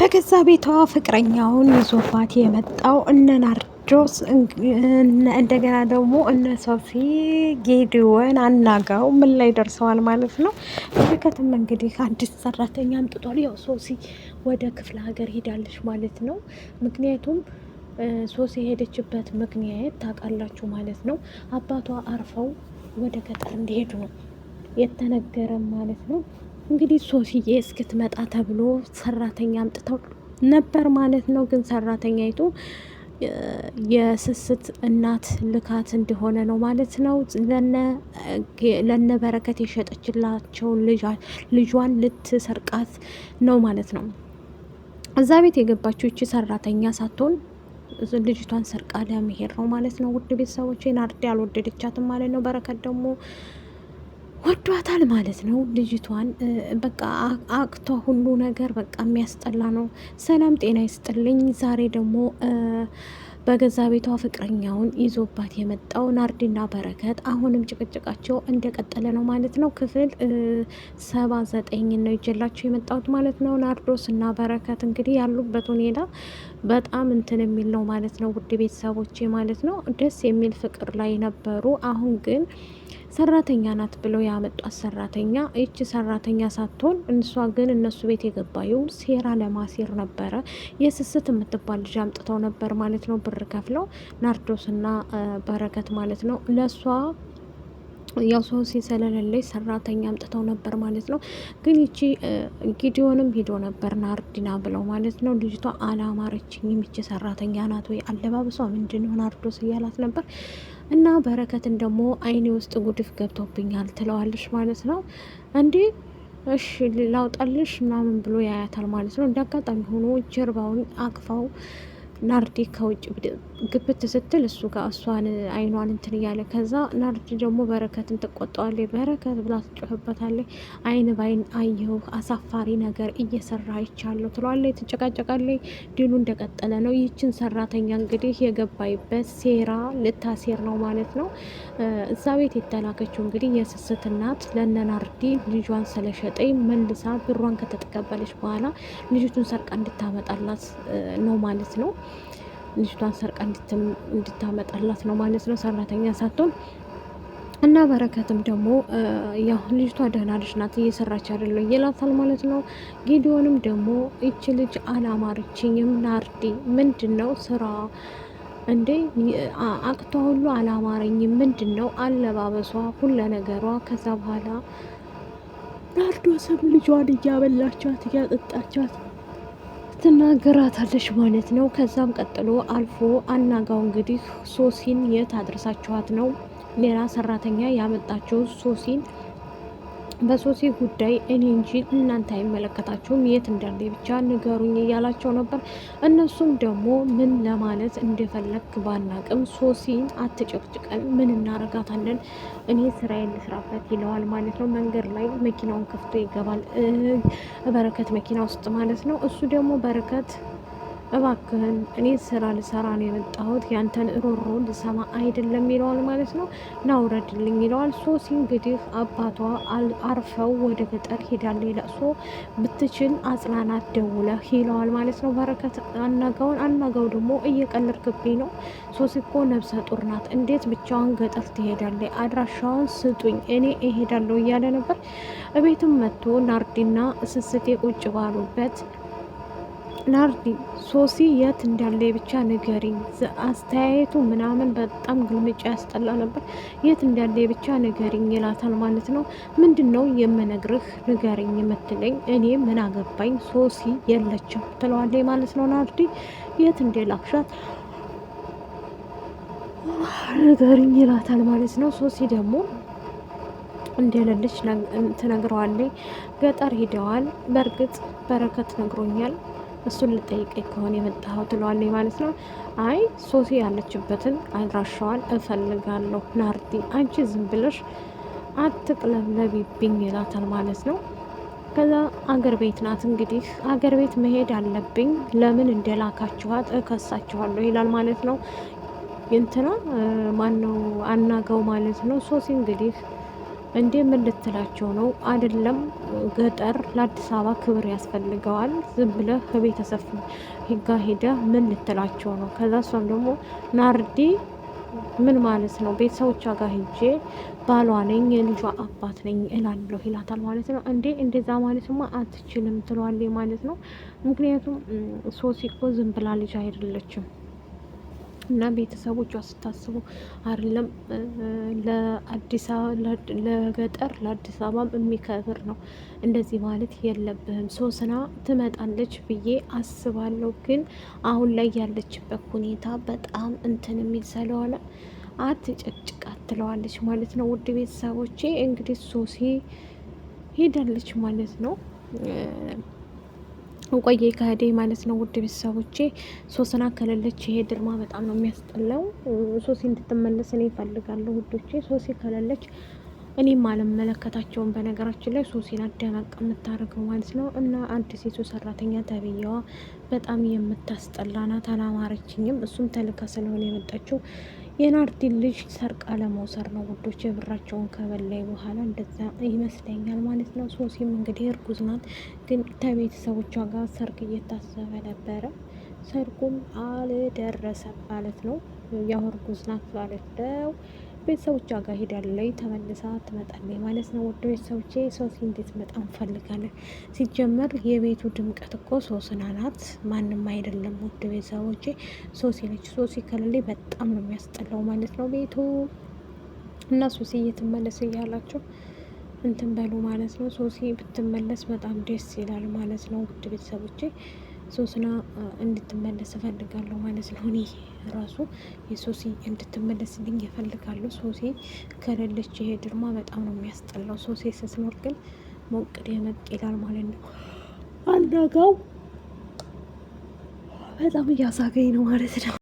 በገዛ ቤቷ ፍቅረኛውን ይዞባት የመጣው እነ ናርዶስ እንደገና ደግሞ እነ ሶፊ ጌዲወን አናጋው ምን ላይ ደርሰዋል ማለት ነው። በረከትም እንግዲህ አዲስ ሰራተኛ አምጥቷል። ያው ሶሲ ወደ ክፍለ ሀገር ሄዳለች ማለት ነው። ምክንያቱም ሶሲ የሄደችበት ምክንያት ታውቃላችሁ ማለት ነው። አባቷ አርፈው ወደ ገጠር እንዲሄዱ ነው የተነገረም ማለት ነው። እንግዲህ ሶስዬ እስክትመጣ ተብሎ ሰራተኛ አምጥተው ነበር ማለት ነው። ግን ሰራተኛይቱ የስስት እናት ልካት እንደሆነ ነው ማለት ነው። ለነ በረከት የሸጠችላቸውን ልጇን ልትሰርቃት ነው ማለት ነው። እዛ ቤት የገባችው እቺ ሰራተኛ ሳትሆን ልጅቷን ሰርቃ ለመሄድ ነው ማለት ነው። ውድ ቤተሰቦች ናርዲ አልወደደቻትም ማለት ነው። በረከት ደግሞ ወዷታል ማለት ነው። ልጅቷን በቃ አቅቷ ሁሉ ነገር በቃ የሚያስጠላ ነው። ሰላም ጤና ይስጥልኝ። ዛሬ ደግሞ በገዛ ቤቷ ፍቅረኛውን ይዞባት የመጣው ናርዲና በረከት አሁንም ጭቅጭቃቸው እንደቀጠለ ነው ማለት ነው። ክፍል ሰባ ዘጠኝ ነው ይጀላቸው የመጣሁት ማለት ነው። ናርዶስ እና በረከት እንግዲህ ያሉበት ሁኔታ በጣም እንትን የሚል ነው ማለት ነው። ውድ ቤተሰቦቼ ማለት ነው ደስ የሚል ፍቅር ላይ ነበሩ። አሁን ግን ሰራተኛ ናት ብለው ያመጧት ሰራተኛ ይቺ ሰራተኛ ሳትሆን እንሷ ግን እነሱ ቤት የገባየው ሴራ ለማሴር ነበረ። የስስት የምትባል ልጅ አምጥተው ነበር ማለት ነው። ብር ከፍለው ናርዶስና በረከት ማለት ነው ለእሷ ያው ሶሲ ስለሌለች ሰራተኛ አምጥተው ነበር ማለት ነው። ግን ይቺ ጊዲዮንም ሄዶ ነበር ናርዲና ብለው ማለት ነው። ልጅቷ አላማረችኝ ይቺ ሰራተኛ ናት ወይ አለባበሷ ምንድን ሆን አርዶስ እያላት ነበር። እና በረከትን ደግሞ አይኔ ውስጥ ጉድፍ ገብቶብኛል ትለዋለች ማለት ነው እንዴ እሺ ላውጣልሽ ምናምን ብሎ ያያታል ማለት ነው። እንደ አጋጣሚ ሆኖ ጀርባውን አቅፋው ናርዲ ከውጭ ግብት ስትል እሱ ጋር እሷን አይኗን እንትን እያለ ከዛ ናርዲ ደግሞ በረከትን ትቆጣዋለች። በረከት ብላ ትጮህበታለች። አይን ባይን አየሁ አሳፋሪ ነገር እየሰራ ይቻለሁ ትለዋለች። ትጨቃጨቃለች። ድሉ እንደቀጠለ ነው። ይህችን ሰራተኛ እንግዲህ የገባይበት ሴራ ልታሴር ነው ማለት ነው። እዛ ቤት የተላከችው እንግዲህ የስስት እናት ለነ ናርዲ ልጇን ስለሸጠኝ መልሳ ብሯን ከተቀበለች በኋላ ልጅቱን ሰርቃ እንድታመጣላት ነው ማለት ነው። ልጅቷን ሰርቃ እንድታመጣላት ነው ማለት ነው። ሰራተኛ ሳትሆን እና በረከትም ደግሞ ያው ልጅቷ ደህና ልጅ ናት እየሰራች አይደለ ይላታል ማለት ነው። ጌዲዮንም ደግሞ ይቺ ልጅ አላማረችኝም፣ ናርዲ ምንድን ነው ስራ እንዴ አቅቷ ሁሉ አላማረኝም፣ ምንድን ነው አለባበሷ፣ ሁለ ነገሯ። ከዛ በኋላ ናርዶ ናርዶስም ልጇን እያበላቻት እያጠጣቻት ትናገራታለች ማለት ነው። ከዛም ቀጥሎ አልፎ አናጋው እንግዲህ ሶሲን የት አድርሳችኋት ነው ሌላ ሰራተኛ ያመጣችው ሶሲን በሶሲ ጉዳይ እኔ እንጂ እናንተ አይመለከታችሁም፣ የት እንዳለ ብቻ ንገሩኝ እያላቸው ነበር። እነሱም ደግሞ ምን ለማለት እንደፈለግ ባናቅም ሶሲን አትጨቅጭቀን፣ ምን እናረጋታለን፣ እኔ ስራ ልስራበት ይለዋል ማለት ነው። መንገድ ላይ መኪናውን ከፍቶ ይገባል፣ በረከት መኪና ውስጥ ማለት ነው። እሱ ደግሞ በረከት እባክህን እኔ ስራ ልሰራ ነው የመጣሁት ያንተን ሮሮ ልሰማ አይደለም ይለዋል ማለት ነው። ናውረድልኝ ይለዋል። ሶሲ እንግዲህ አባቷ አርፈው ወደ ገጠር ሄዳለ ለእሶ ብትችል አጽናናት ደውለህ ይለዋል ማለት ነው። በረከት አናጋውን አናጋው ደግሞ እየቀለድክብኝ ነው። ሶሲ እኮ ነብሰ ጡር ናት። እንዴት ብቻዋን ገጠር ትሄዳለ? አድራሻውን ስጡኝ እኔ እሄዳለሁ እያለ ነበር። እቤትም መጥቶ ናርዲና ስስቴ ቁጭ ባሉበት ናርዲ ሶሲ የት እንዳለ ብቻ ንገሪኝ፣ አስተያየቱ ምናምን በጣም ግልምጫ ያስጠላ ነበር። የት እንዳለ ብቻ ንገሪኝ ይላታል ማለት ነው። ምንድን ነው የምነግርህ ንገሪኝ የምትለኝ እኔ ምን አገባኝ፣ ሶሲ የለችም ትለዋለ ማለት ነው። ናርዲ የት እንደላክሻት ንገሪኝ ይላታል ማለት ነው። ሶሲ ደግሞ እንደሌለች ትነግረዋለች። ገጠር ሂደዋል። በእርግጥ በረከት ነግሮኛል እሱን ልጠይቀኝ ከሆነ የመጣኸው ትለዋለች ማለት ነው። አይ ሶሲ ያለችበትን አድራሻዋን እፈልጋለሁ ናርዲ፣ አንቺ ዝም ብለሽ አትቅለብለቢብኝ ይላታል ማለት ነው። ከዛ አገር ቤት ናት እንግዲህ አገር ቤት መሄድ አለብኝ፣ ለምን እንደላካችኋት እከሳችኋለሁ ይላል ማለት ነው። እንትና ማን ነው አናገው ማለት ነው። ሶሲ እንግዲህ እንዴ ምን ልትላቸው ነው? አይደለም ገጠር ለአዲስ አበባ ክብር ያስፈልገዋል። ዝም ብለህ ከቤተሰብ ጋ ሄደህ ምን ልትላቸው ነው? ከዛ እሷም ደግሞ ናርዲ ምን ማለት ነው? ቤተሰቦቿ ጋር ሄጄ ባሏ ነኝ የልጇ አባት ነኝ እላለሁ ይላታል ማለት ነው። እንዴ እንደዛ ማለትማ አትችልም ትለዋለች ማለት ነው። ምክንያቱም ሶሲ እኮ ዝም ብላ ልጅ አይደለችም። እና ቤተሰቦቿ ስታስቡ አይደለም ለገጠር ለአዲስ አበባም የሚከብር ነው። እንደዚህ ማለት የለብህም። ሶስና ትመጣለች ብዬ አስባለሁ። ግን አሁን ላይ ያለችበት ሁኔታ በጣም እንትን የሚል ስለሆነ አትጨቅጭቃት ትለዋለች ማለት ነው። ውድ ቤተሰቦቼ እንግዲህ ሶሴ ሄዳለች ማለት ነው። ውቆየ ከህዴ ማለት ነው። ውድ ቤተሰቦቼ ሶስና ከሌለች ይሄ ድርማ በጣም ነው የሚያስጠላው። ሶሲ እንድትመለስ እኔ ይፈልጋለሁ ውዶቼ። ሶሲ ከሌለች እኔም አልመለከታቸውም። በነገራችን ላይ ሶሲን አደመቅ የምታደርገው ማለት ነው። እና አንድ ሴቱ ሰራተኛ ተብያዋ በጣም የምታስጠላናት አላማረችኝም። እሱም ተልካ ስለሆነ የመጣችው የናርዲን ልጅ ሰርቃ ለመውሰር ነው ውዶች። የብራቸውን ከበላይ በኋላ እንደዛ ይመስለኛል ማለት ነው። ሶሲም እንግዲህ እርጉዝ ናት፣ ግን ከቤተሰቦቿ ጋር ሰርግ እየታሰበ ነበረ። ሰርጉም አልደረሰም ማለት ነው። ያው እርጉዝ ናት ማለት ነው። ቤተሰቦቿ ጋር ሄዳለች። ተመልሳ ትመጣለች ማለት ነው። ወደ ቤተሰቦቼ ሶሲ እንዴት መጣ እንፈልጋለን። ሲጀመር የቤቱ ድምቀት እኮ ሶስና ናት፣ ማንም አይደለም። ወደ ቤተሰቦቼ ሶሲ ነች። ሶሲ ከሌለች በጣም ነው የሚያስጠላው ማለት ነው ቤቱ እና ሶሲ እየተመለስ እያላቸው እንትን በሉ ማለት ነው። ሶሲ ብትመለስ በጣም ደስ ይላል ማለት ነው። ውድ ቤተሰቦቼ ሶስና እንድትመለስ እፈልጋለሁ ማለት ነው እኔ ራሱ የሶሲ እንድትመለስልኝ ይፈልጋሉ። ሶሲ ከሌለች ይሄ ድርማ በጣም ነው የሚያስጠላው። ሶሲ ስትኖር ግን ሞቅ ደመቅ ይላል ማለት ነው። አልጋው በጣም እያሳገኝ ነው ማለት ነው።